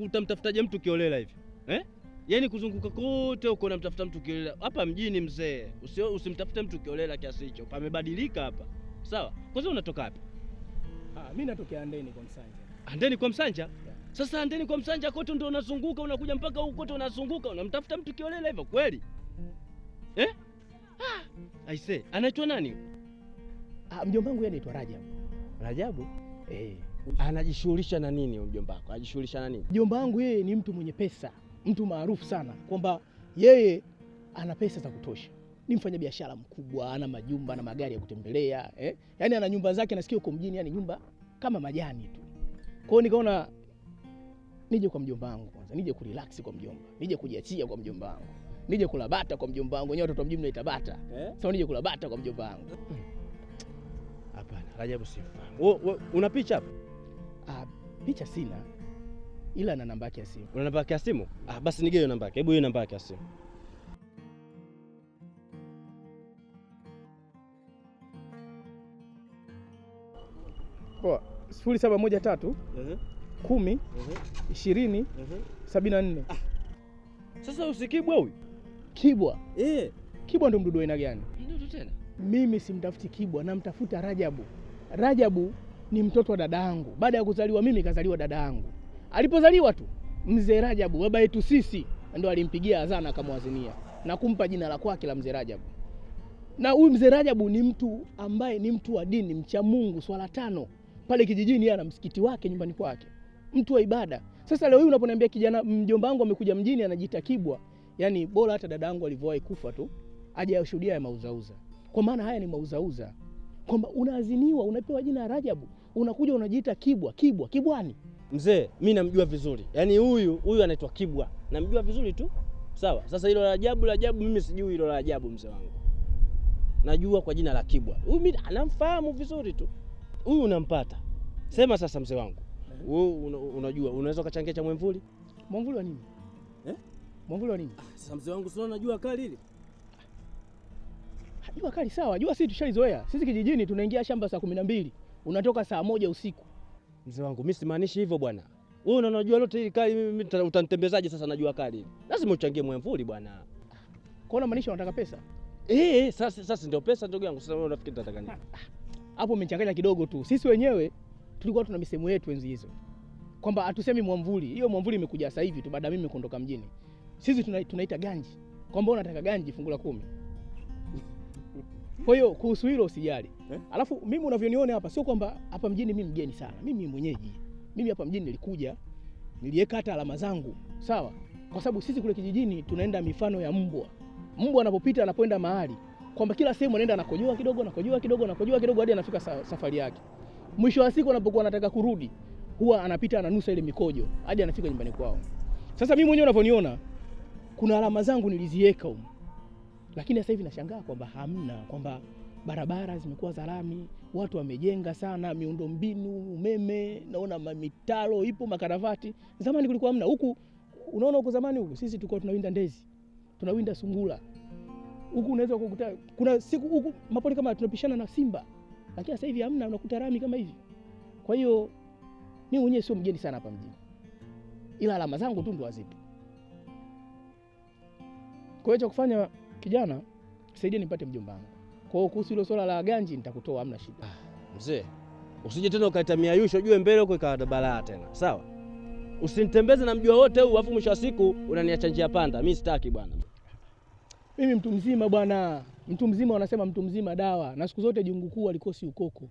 utamtafutaje mtu kiolela hivi eh? Yaani kuzunguka kote huko unamtafuta mtu kiolela. Hapa mjini mzee, usimtafute mtu kiolela kiasi hicho, pamebadilika hapa. Sawa. Kwanza unatoka wapi? Ah, mimi natokea Andeni kwa Msanja. Andeni kwa Msanja? Yeah. Sasa Andeni kwa Msanja kote ndio unazunguka, unakuja mpaka huko kote unazunguka, unamtafuta mtu kiolela hivyo kweli? Eh? Ah, aise, anaitwa nani? Ah, mjomba wangu anaitwa Rajabu. Rajabu? Eh. Hey. Anajishughulisha na nini mjomba wako? Anajishughulisha na nini? Mjomba wangu yeye ni mtu mwenye pesa, mtu maarufu sana, kwamba yeye ana pesa za kutosha, ni mfanyabiashara mkubwa, ana majumba na magari ya kutembelea eh? Yaani ana nyumba zake, nasikia huko mjini, yani nyumba kama majani tu. Kwa hiyo nikaona nije kwa mjomba wangu kwanza, nije kurelax kwa mjomba, nije kujiachia kwa mjomba wangu, nije kula bata kwa mjomba wangu. Wenyewe watoto wa mjini naita bata eh? Sasa nije kula bata kwa mjomba wangu. Hapana, Rajabu, wewe, Una picha hapa? Ah, picha sina ila na namba yake ya simu. Una namba yake ya simu? Ah, basi nige hiyo namba yake. Hebu hiyo namba yake ya simu. Poa. sifuri saba moja tatu kumi ishirini sabini na nne. Ah. Sasa usikibwa huyu kibwa eh. Kibwa ndo mdudu aina gani? Mdudu tena? Mimi simtafuti kibwa, namtafuta Rajabu. Rajabu ni mtoto wa dadangu. Baada ya kuzaliwa mimi kazaliwa dadangu. Alipozaliwa tu mzee Rajabu baba yetu sisi ndo alimpigia adhana akamwazinia na kumpa jina la kwake la mzee Rajabu. Na huyu mzee Rajabu ni mtu ambaye ni mtu wa dini, mcha Mungu, swala tano pale kijijini, ana msikiti wake nyumbani kwake, mtu wa ibada. Sasa leo hii unaponiambia kijana mjomba wangu amekuja mjini anajiita Kibwa, yani bora hata dadangu alivyowahi kufa tu aje ashuhudia ya mauzauza, kwa maana haya ni mauzauza kwamba unaaziniwa, unapewa jina Rajabu, unakuja unajiita Kibwa, Kibwa, Kibwani. Mzee mi namjua vizuri, yaani huyu huyu anaitwa Kibwa, namjua vizuri tu. Sawa, sasa hilo la ajabu la ajabu mimi sijui hilo la ajabu, mzee wangu, najua kwa jina la Kibwa. Huyu mimi anamfahamu vizuri tu, huyu unampata. Sema sasa, mzee wangu, wewe una, unajua unaweza ukachangia cha mwemvuli. Mwemvuli wa nini eh? Mwemvuli wa nini? Ah, sasa mzee wangu, sio unajua kali ile Jua kali sawa, jua sisi tushalizoea. Sisi kijijini tunaingia shamba saa kumi na mbili unatoka saa moja usiku. Mzee wangu mimi simaanishi hivyo bwana. Wewe unaona jua lote hili kali, mimi utanitembezaje sasa na jua kali? Lazima uchangie mwemvuli bwana. Kwa nini maanisha unataka pesa? Eh, eh, sasa sasa ndio pesa ndugu yangu. Sasa wewe unafikiri nataka nini? Ah, hapo umechanganya kidogo tu. Sisi wenyewe tulikuwa tuna misemo yetu enzi hizo kwamba hatusemi mwamvuli. Hiyo mwamvuli imekuja sasa hivi tu baada mimi kuondoka mjini. Sisi tunaita tuna ganji, kwamba unataka ganji fungu la kumi. Kwa hiyo kuhusu hilo usijali eh? Alafu mimi unavyoniona hapa, sio kwamba hapa mjini mimi mgeni sana, mimi mwenyeji. Mimi hapa mjini nilikuja, niliweka hata alama zangu, sawa, kwa sababu sisi kule kijijini tunaenda mifano ya mbwa. Mbwa anapopita anapoenda mahali kwamba kila sehemu anaenda anakojoa kidogo, anakojoa kidogo, anakojoa kidogo hadi anafika safari yake. Mwisho wa siku anapokuwa anataka kurudi, huwa anapita ananusa ile mikojo hadi anafika nyumbani kwao. Sasa mimi mwenyewe unavyoniona, kuna alama zangu niliziweka huko lakini sasa hivi nashangaa kwamba hamna, kwamba barabara zimekuwa za lami, watu wamejenga sana, miundombinu, umeme, naona mitaro ipo, makaravati. Zamani kulikuwa hamna huku. Unaona huko zamani, huku sisi tulikuwa tunawinda ndezi, tunawinda sungura huku unaweza kukuta kuna siku huku mapori kama tunapishana na simba, lakini sasa hivi hamna, unakuta rami kama hivi. Kwa hiyo mimi mwenyewe sio mgeni sana hapa mjini, ila alama zangu tu ndo hazipo. Kwa hiyo cha kufanya Kijana, saidia nipate mjomba wangu. Kwa hiyo kuhusu hilo swala la ganji nitakutoa, hamna shida. Ah, mzee usije tena ukaita miayusho jue mbele huko ikawa balaa tena, sawa? Usinitembeze na mjua wote huu, alafu mwisho wa siku unaniacha njia panda. Mi sitaki bwana, mimi mtu mzima bwana, mtu mzima. Wanasema mtu mzima dawa, na siku zote jungu kuu alikosi ukoko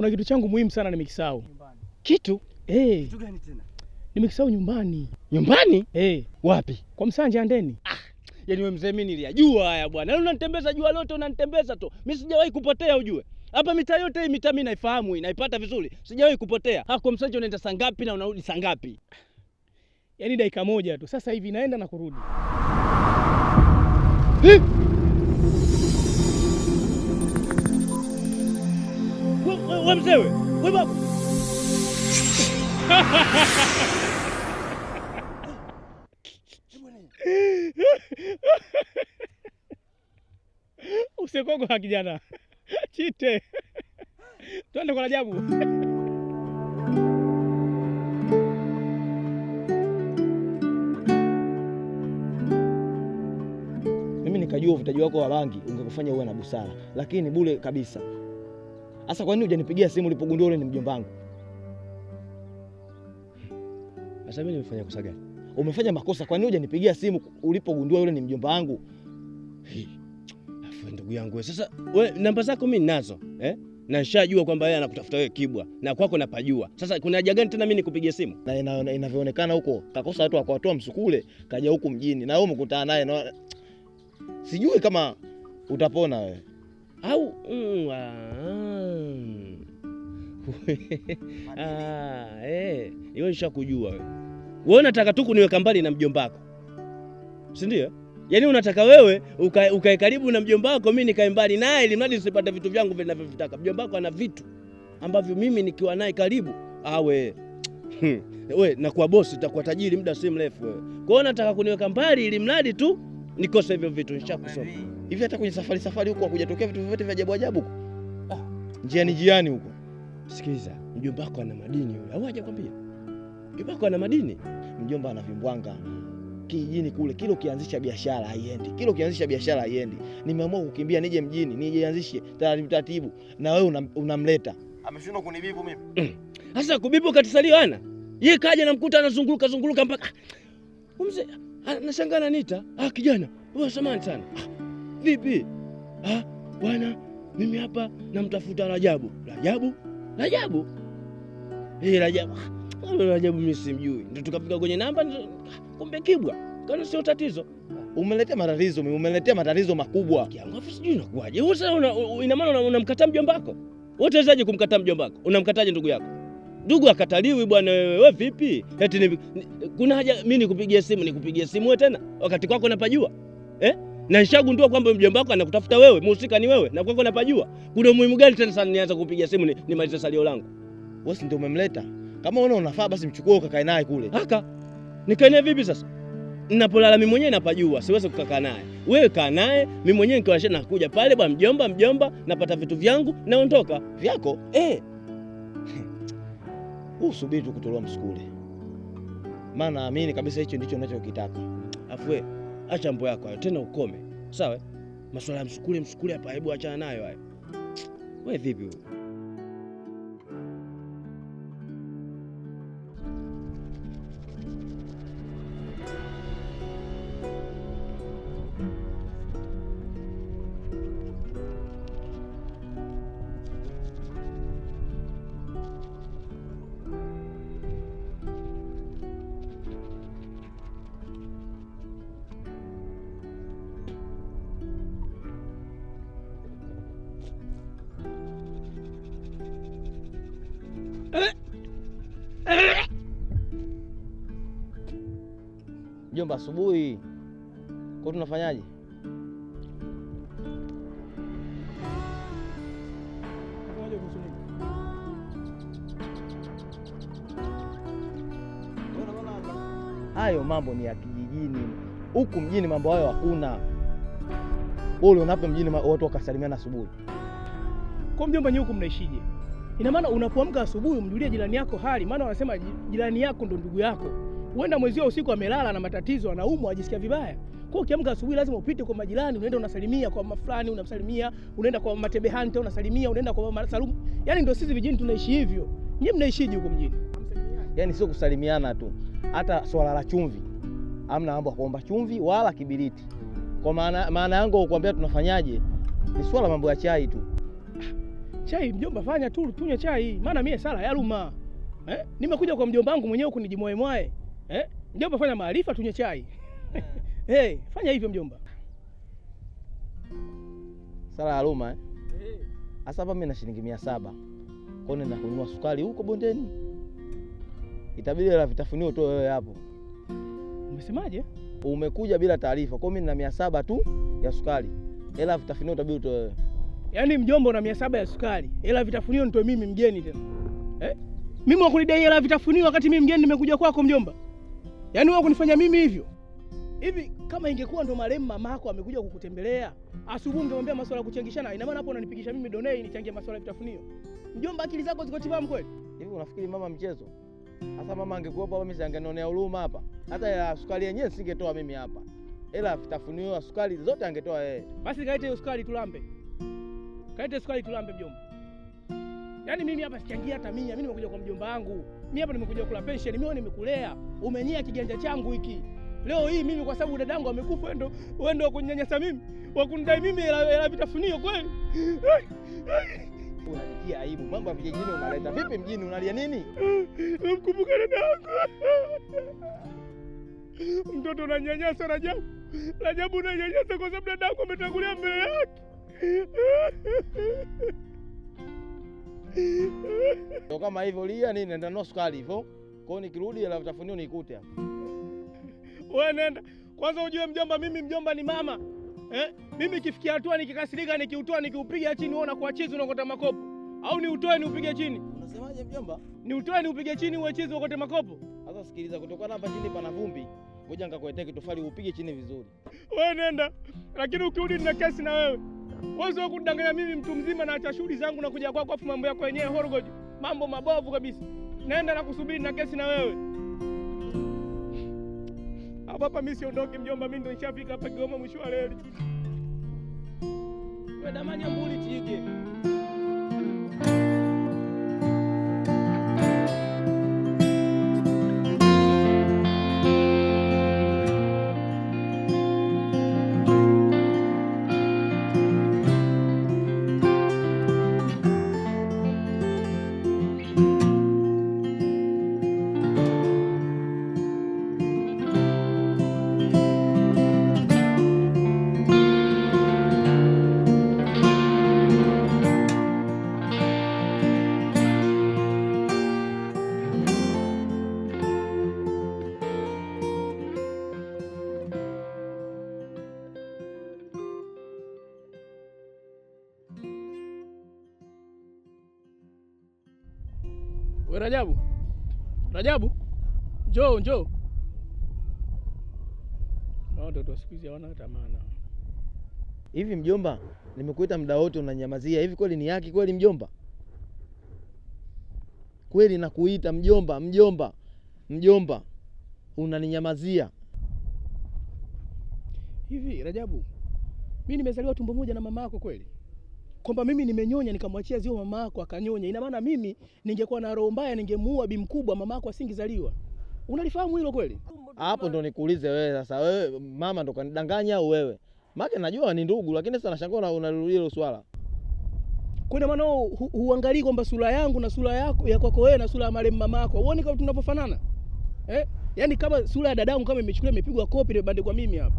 kuna kitu changu muhimu sana nimekisahau. Kitu hey. Eh. Kitu gani tena? Nimekisahau nyumbani. Nyumbani? Hey. Eh. Wapi? Kwa Msanja andeni Ah, yaani wewe mzee, mimi niliyajua haya bwana. Leo yaani unanitembeza jua lote, unanitembeza tu. Mimi sijawahi kupotea ujue. Hapa mitaa yote hii mitaa mimi naifahamu, naipata vizuri. Sijawahi kupotea. Ah, kwa Msanja unaenda saa ngapi na unarudi saa ngapi? Yaani dakika moja tu. Sasa hivi naenda na kurudi. Eh? we mzewe we babu usekogo kijana chite twende kwa Rajabu. Mimi nikajua uvutaji wako wa bangi ungekufanya uwe na busara, lakini bure kabisa. Sasa kwa nini hujanipigia simu ulipogundua ule ni mjomba wangu? Sasa mimi nimefanya kosa gani? Umefanya makosa. Kwa nini hujanipigia simu ulipogundua ule ni mjomba wangu? Afu ndugu yangu, wewe, sasa we namba zako mimi ninazo eh? na nishajua kwamba yeye anakutafuta wewe kibwa, na kwako napajua. Sasa kuna haja gani tena mimi nikupigie simu? Na inavyoonekana huko kakosa watu akawatoa msukule, kaja huku mjini na wewe umekutana naye na... sijui kama utapona wewe au mm, ah, ah, eh, iwe nishakujua wewe. Wewe unataka tu kuniweka mbali na mjomba wako, si ndio? Yaani unataka wewe ukae uka karibu na mjomba wako, mimi nikae mbali naye, ili mradi usipate vitu vyangu vinavyovitaka. Mjomba wako ana vitu ambavyo mimi nikiwa naye karibu awe ah, hmm. We nakuwa bosi, utakuwa tajiri muda si mrefu wewe. Kwa hiyo unataka kuniweka mbali ili mradi tu nikose hivyo vitu. Nishakusoma hivi, hata kwenye safari safari huko hakujatokea vitu vyote vya ajabu ajabu huko, ah, njiani njiani huko Sikiliza, mjomba wako ana madini yule, au hajakwambia? Mjomba wako ana madini, mjomba ana anavimbwanga kijijini kule. Kila ukianzisha biashara haiendi, kila ukianzisha biashara haiendi. Nimeamua kukimbia nije mjini, nijeanzishe taratibu taratibu, na wewe unamleta una ameshindwa kunibibu mimi mm. sasa. Kubibu katisalia ana yeye kaja namkuta anazunguluka zunguluka mpaka ah, mzee anashangana ah, nita ah, kijana wewe samani sana. Ah, vipi? Ah, bwana mimi hapa namtafuta Rajabu. Rajabu Rajabu Eh, Rajabu Rajabu mimi simjui, ndio tukafika kwenye namba, kumbe Kibwa kana sio tatizo. Umeletea matatizo, umeletea matatizo makubwa. Kiangafu sijui inakuwaje. Wewe sasa ina maana unamkataa mjomba wako? Wewe utawezaje kumkataa mjomba wako? Unamkataje ndugu yako? Ndugu akataliwi bwana wewe, wewe vipi? Eti kuna haja mimi nikupigie simu, nikupigie simu wewe tena wakati kwako napajua eh? na nishagundua kwamba mjomba wako anakutafuta wewe, mhusika ni wewe na kwako napajua. Kuna umuhimu gani tena sana nianza kupiga simu nimalize ni salio langu? Wewe ndio umemleta. Kama unaona unafaa basi mchukue ukakae naye kule. Haka. Nikae naye vipi sasa? Ninapolala mimi mwenyewe napajua, siwezi kukaa naye. Wewe kaa naye, mimi mwenyewe nikiwasha nakuja pale bwana mjomba, mjomba, napata vitu vyangu naondoka. Vyako? Eh. Usubiri tu kutolewa msukule. Maana naamini kabisa hicho ndicho unachokitaka. Afu acha mambo yako hayo tena, ukome sawa. Masuala ya msukule msukule hapa, hebu achana nayo hayo. Wewe vipi? mjomba, asubuhi kwa tunafanyaje? Hayo mambo ni ya kijijini, huku mjini mambo hayo hakuna. Ulionapo mjini watu wakasalimiana asubuhi. Kwa mjomba, nyewe huku mnaishije? Ina maana unapoamka asubuhi umjulie jirani yako hali, maana wanasema jirani yako ndo ndugu yako. Huenda mwezio usiku amelala na matatizo, anaumwa, ajisikia vibaya. Kwa ukiamka asubuhi lazima upite kwa majirani, unaenda unasalimia kwa mama fulani, unasalimia, unaenda kwa matebe hante, unasalimia, unaenda kwa mama Salumu. Yaani ndio sisi vijini tunaishi hivyo. Nyinyi mnaishije huko mjini? Yaani sio kusalimiana tu. Hata swala la chumvi. amna mambo kuomba chumvi wala kibiriti. Kwa maana maana yango kukuambia tunafanyaje? Ni swala mambo ya chai tu. Chai mjomba, fanya tu tunywe chai, maana mimi sala ya yaluma. Eh? Nimekuja kwa mjomba wangu mwenyewe kunijimoe mwae Eh? Mjomba fanya maarifa tunywe chai. Hey, fanya hivyo mjomba. Sala ya Ruma eh? Sasa hapa mimi na shilingi mia saba. Kwa nini nakununua sukari huko bondeni? Itabidi la vitafunio tu wewe hapo. Umesemaje? Umekuja bila taarifa. Kwa mimi na mia saba tu ya sukari. Hela vitafunio utabidi utoe wewe. Yaani mjomba una mia saba ya sukari. Hela vitafunio nitoe mimi mgeni tena. Eh? Mimi wakunidai hela vitafunio wakati mimi mgeni nimekuja kwako mjomba. Yaani wewe kunifanya mimi hivyo hivi? Kama ingekuwa ndo marehemu mamako amekuja kukutembelea asubuhi, ungemwambia masuala ya kuchangishana. Ina maana hapo unanipigisha mimi donei nichangie masuala ya vitafunio? Mjomba, akili zako ziko timamu kweli? Hivi unafikiri mama mchezo? Hasa mama angekuwepo hapa, mimi singenionea huruma hapa. Hata ya sukari yenyewe singetoa mimi hapa, ila vitafunio sukari zote angetoa yeye. Basi kaite sukari tulambe, kaite sukari tulambe mjomba. Yaani mimi hapa sichangii hata mimi, mimi nimekuja kwa mjomba wangu. Mimi hapa nimekuja kula pension, mimi nimekulea. umenyia kiganja changu hiki. Leo hii mimi kwa sababu dadangu amekufa wewe ndo wewe ndo kunyanyasa mimi. kunidai mimi hela vitafunio kweli. Unanitia aibu. Mambo ya vijijini unaleta vipi mjini unalia nini? Namkumbuka dadangu. Mtoto unanyanyasa Rajabu. Rajabu unanyanyasa kwa sababu dadangu ametangulia mbele yake. Ndio kama hivyo lia nini nenda no sukari hivyo. Kwa hiyo nikirudi la vitafunio nikute hapa. Wewe nenda. Kwanza ujue mjomba mimi mjomba ni mama. Eh? Mimi kifikia hatua nikikasirika nikiutoa nikiupiga chini wewe unakuwa chizi unaokota makopo. Au niutoe niupige chini. Unasemaje mjomba? Niutoe niupige chini uwe chizi uokote makopo. Sasa sikiliza kutokana hapa chini pana vumbi. Ngoja nikakuletea kitofali upige chini vizuri. Wewe nenda. Lakini ukirudi nina kesi na wewe. Wewe kunidanganya mimi mtu mzima na acha shughuli zangu na kuja kwako afu mambo yako wenyewe horogojo. Mambo mabovu kabisa. Naenda na kusubiri na kesi na wewe. Hapa hapa mimi siondoki mjomba, mimi ndo nishafika hapa Kigoma mwisho wa leo. Wewe damani ambuli tije. Rajabu, njoo njoo. Watoto siku hizi hawana maana. Hivi mjomba, nimekuita muda wote unanyamazia. Hivi kweli ni haki kweli mjomba? Kweli nakuita mjomba, mjomba, mjomba, unaninyamazia hivi? Rajabu, mimi nimezaliwa tumbo moja na mama yako kweli? kwamba mimi nimenyonya nikamwachia zio mama yako akanyonya, ina maana mimi ningekuwa na roho mbaya, ningemuua bi mkubwa, mama yako asingizaliwa. Unalifahamu hilo kweli? Hapo ndo nikuulize wewe sasa, wewe mama ndo kanidanganya au wewe? Maana najua ni ndugu, lakini sasa nashangaa unarudia hilo swala. Kwa maana huangalii kwamba sura yangu na sura yako ya kwako wewe na sura ya marehemu mama yako, uone kama tunavyofanana eh? Yaani kama sura ya dadangu kama imechukuliwa imepigwa kopi imebandikwa mimi hapa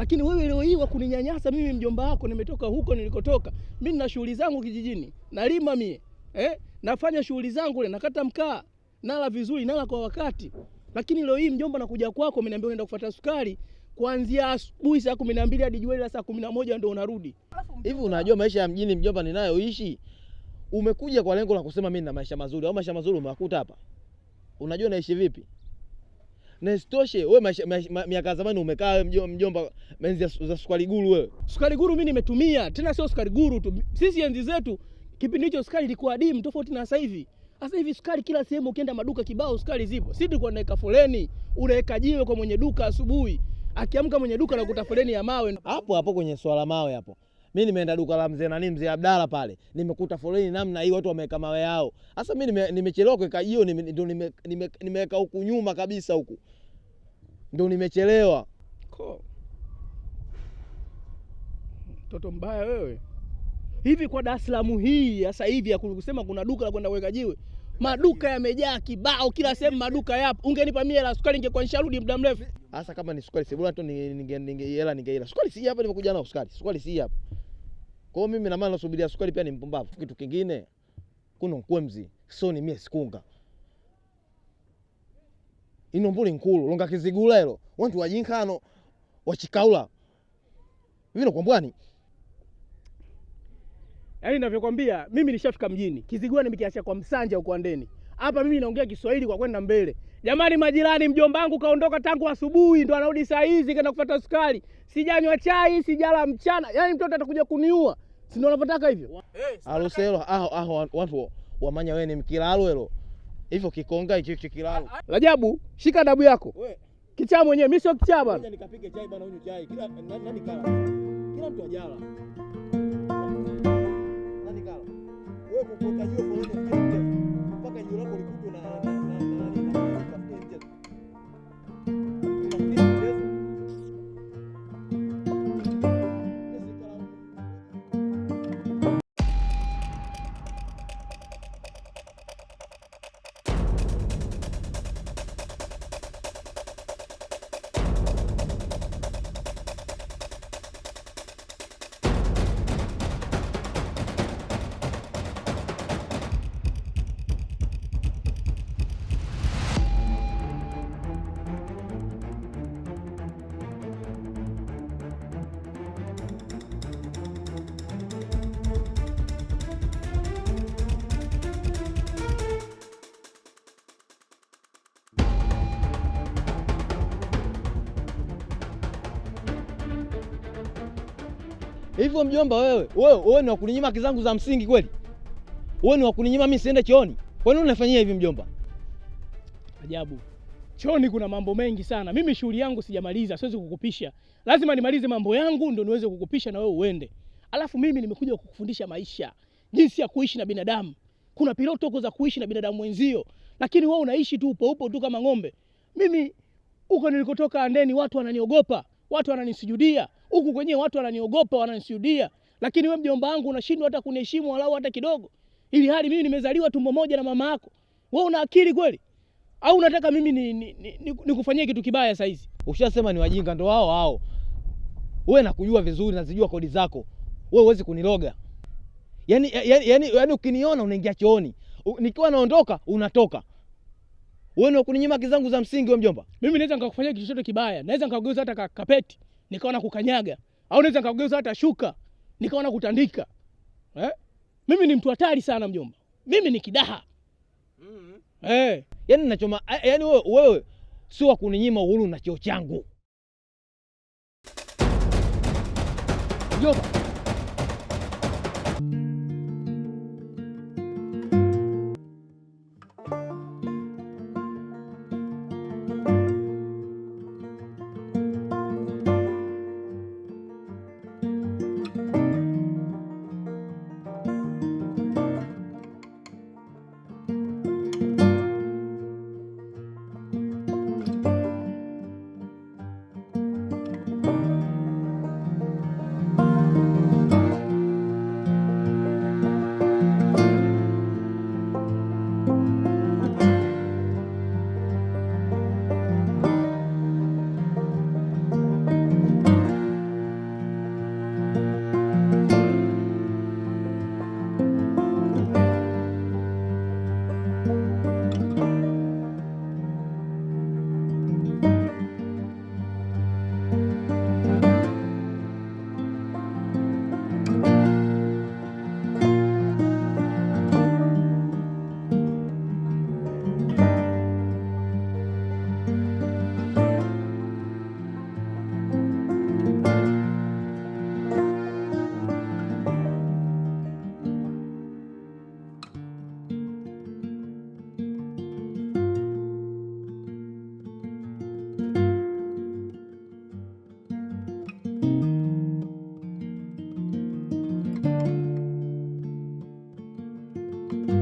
lakini wewe leo hii wakuninyanyasa mimi, mjomba wako, nimetoka huko nilikotoka mimi, nina shughuli zangu kijijini, nalima mie eh? nafanya shughuli zangu le, nakata mkaa, nala vizuri, nala kwa wakati. Lakini leo hii mjomba, nakuja kwako, mimi naambiwa unaenda kufuata sukari kuanzia asubuhi saa kumi na mbili hadi jioni saa kumi na moja ndio unarudi. Hivi unajua maisha ya mjini mjomba ninayoishi? Umekuja kwa lengo la kusema mimi nina maisha mazuri au maisha mazuri umewakuta hapa? Unajua naishi vipi? na isitoshe wewe miaka zamani umekaa wewe mjomba enzi za sukari guru wewe. Sukari guru mimi nimetumia tena, sio sukari guru tu. Sisi enzi zetu kipindi hicho sukari ilikuwa adimu tofauti na sasa hivi. Sasa hivi sukari kila sehemu, ukienda maduka kibao sukari zipo. Sisi tulikuwa tunaweka foleni, unaweka jiwe kwa mwenye duka asubuhi, akiamka mwenye duka anakuta foleni ya mawe. Hapo hapo kwenye swala mawe hapo mi nimeenda duka la mzee nani mzee Abdala pale. Nimekuta foleni namna hii watu wameweka mawe yao. Sasa mi nimechelewa kuweka hiyo ndio nimeweka nime, nime huku nyuma kabisa huku. ndo nimechelewa. Mtoto mbaya wewe. Hivi kwa Dar es Salaam hii sasa hivi ya kusema kuna duka la kwenda kuweka jiwe. Maduka yamejaa kibao kila sehemu, maduka yapo. Ungenipa mimi hela sukari, ningekuwa nisharudi muda mrefu. Hasa kama ni sukari, sibula tu ninge hela ningeila. Sukari si hapa, nimekuja nao sukari. Sukari si hapa. Kwa mimi na maana nasubiria sukari pia ni mpumbavu. Kitu kingine kuna nkwemzi so ni mie sikunga ino mbuli nkulu longa kizigula hilo wantu wajinkano wachikaula vino kwambwani yaani navyokwambia mimi nishafika mjini kizigwani mikiacha kwa msanja huko hapa mimi naongea Kiswahili kwa kwenda mbele. Jamani majirani, mjomba wangu kaondoka tangu asubuhi ndo anarudi saa hizi kaenda kupata sukari. Sijanywa chai, sijala mchana. Yaani mtoto atakuja kuniua. Si ndo unavyotaka hivyo? Hey, aho aho ah, watu wamanya wewe ni mkilalo hilo. Hivyo kikonga hicho hicho kilalo. Ah, ah. Rajabu, shika adabu yako. We. Kichaa mwenyewe, mimi sio kichaa bana. Nikapige chai bana, unywe chai. Kila nani kala. Kila mtu ajala. Nani kala? Wewe kukuta hiyo foleni. Hivyo mjomba, wewe wewe wewe ni wakuninyima haki zangu za msingi kweli? Wewe ni wakuninyima mimi siende chooni? Kwa nini unafanyia hivi mjomba? Ajabu. Chooni kuna mambo mengi sana. Mimi shughuli yangu sijamaliza, siwezi kukupisha. Lazima nimalize mambo yangu ndio niweze kukupisha na wewe uende. Alafu mimi nimekuja kukufundisha maisha, jinsi ya kuishi na binadamu. Kuna piloto huko za kuishi na binadamu wenzio, lakini wewe unaishi tu upo upo tu kama ng'ombe. Mimi huko nilikotoka Andeni, watu wananiogopa, watu wananisujudia, huku kwenyewe watu wananiogopa, wananisudia, lakini wewe mjomba wangu unashindwa hata kuniheshimu walau hata kidogo, ili hali mimi nimezaliwa tumbo moja na mama yako. Wewe una akili kweli? Au unataka mimi nikufanyie ni, ni, ni kitu kibaya saa hizi? Ushasema ni wajinga ndo hao hao. Wewe nakujua vizuri, nazijua kodi zako. Wewe huwezi kuniloga. yani, yani, yani, yani ukiniona unaingia chooni. Nikiwa naondoka unatoka. Wewe ni kuninyima kizangu za msingi wewe mjomba. Mimi naweza nikakufanyia kitu chochote kibaya. Naweza nikakugeuza hata kapeti. Ka nikaona kukanyaga au naweza nikageuza hata shuka nikaona kutandika eh? Mimi ni mtu hatari sana mjomba, mimi ni kidaha mm -hmm. eh. Yani nachoma, eh, yani wewe, wewe sio wa kuninyima uhuru na cheo changu mjomba. Thank you.